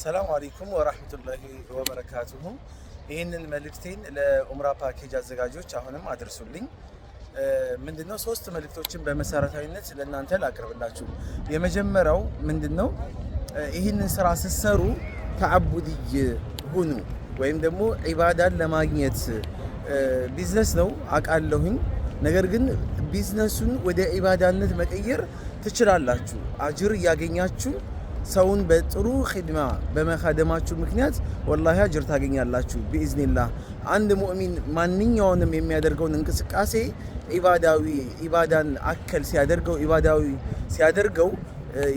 ሰላም አለይኩም ወራህመቱላሂ ወበረካቱሁ። ይህንን መልእክቴን ለኡምራ ፓኬጅ አዘጋጆች አሁንም አድርሱልኝ። ምንድነው ሶስት መልእክቶችን በመሰረታዊነት ለእናንተ ላቅርብላችሁ። የመጀመሪያው ምንድነው ይህንን ስራ ስትሰሩ ተዓቡድይ ሁኑ ወይም ደግሞ ኢባዳን ለማግኘት ቢዝነስ ነው አውቃለሁኝ። ነገር ግን ቢዝነሱን ወደ ኢባዳነት መቀየር ትችላላችሁ፣ አጅር እያገኛችሁ ሰውን በጥሩ ሂድማ በመካደማችሁ ምክንያት ወላሂ አጅር ታገኛላችሁ ቢኢዝኒላህ። አንድ ሙእሚን ማንኛውንም የሚያደርገውን እንቅስቃሴ ኢባዳዊ ኢባዳን አከል ሲያደርገው ኢባዳዊ ሲያደርገው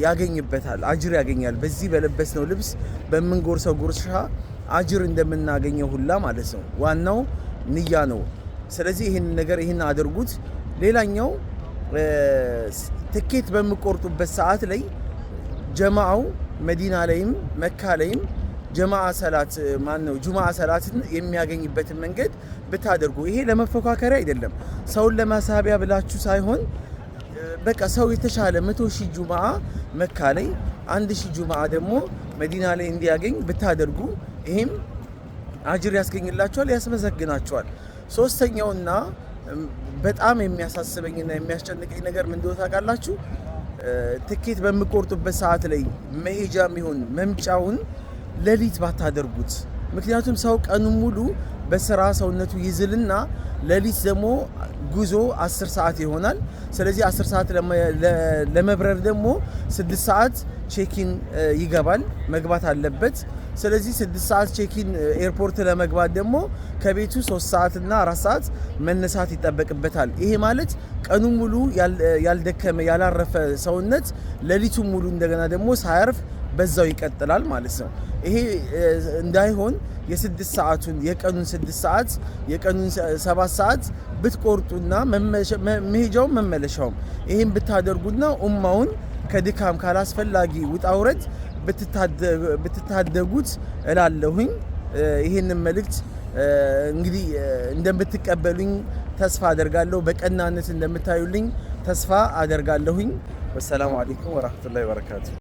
ያገኝበታል፣ አጅር ያገኛል። በዚህ በለበስነው ልብስ በምንጎርሰው ጉርሻ አጅር እንደምናገኘው ሁላ ማለት ነው። ዋናው ንያ ነው። ስለዚህ ይህን ነገር ይህን አድርጉት። ሌላኛው ትኬት በምቆርጡበት ሰዓት ላይ ጀማዓው መዲና ላይም መካ ላይም ጀማ ሰላት ማን ነው ሰላትን የሚያገኝበትን መንገድ ብታደርጉ። ይሄ ለመፎካከሪያ አይደለም፣ ሰውን ለማሳቢያ ብላችሁ ሳይሆን በቃ ሰው የተሻለ መቶ ሺህ ጁማ መካ ላይ አንድ ሺህ ጁማ ደግሞ መዲና ላይ እንዲያገኝ ብታደርጉ ይሄም አጅር ያስገኝላቸዋል፣ ያስመሰግናችኋል። ሶስተኛውና በጣም የሚያሳስበኝና የሚያስጨንቀኝ ነገር ምን እንደሆነ ታውቃላችሁ? ትኬት በምቆርጡበት ሰዓት ላይ መሄጃ የሚሆን መምጫውን ሌሊት ባታደርጉት። ምክንያቱም ሰው ቀኑ ሙሉ በስራ ሰውነቱ ይዝልና ሌሊት ደግሞ ጉዞ 10 ሰዓት ይሆናል። ስለዚህ 10 ሰዓት ለመብረር ደግሞ 6 ሰዓት ቼኪን ይገባል፣ መግባት አለበት። ስለዚህ ስድስት ሰዓት ቼኪን ኤርፖርት ለመግባት ደግሞ ከቤቱ ሶስት ሰዓትና አራት ሰዓት መነሳት ይጠበቅበታል። ይሄ ማለት ቀኑ ሙሉ ያልደከመ ያላረፈ ሰውነት ሌሊቱ ሙሉ እንደገና ደግሞ ሳያርፍ በዛው ይቀጥላል ማለት ነው። ይሄ እንዳይሆን የስድስት ሰዓቱን የቀኑን ስድስት ሰዓት የቀኑን ሰባት ሰዓት ብትቆርጡና መሄጃውም መመለሻውም ይህም ብታደርጉና ኡማውን ከድካም ካላስፈላጊ ውጣ ውረድ ብትታደጉት እላለሁኝ። ይህንን መልእክት እንግዲህ እንደምትቀበሉኝ ተስፋ አደርጋለሁ። በቀናነት እንደምታዩልኝ ተስፋ አደርጋለሁኝ። ወሰላሙ አሌይኩም ወራህመቱላሂ ወበረካቱ።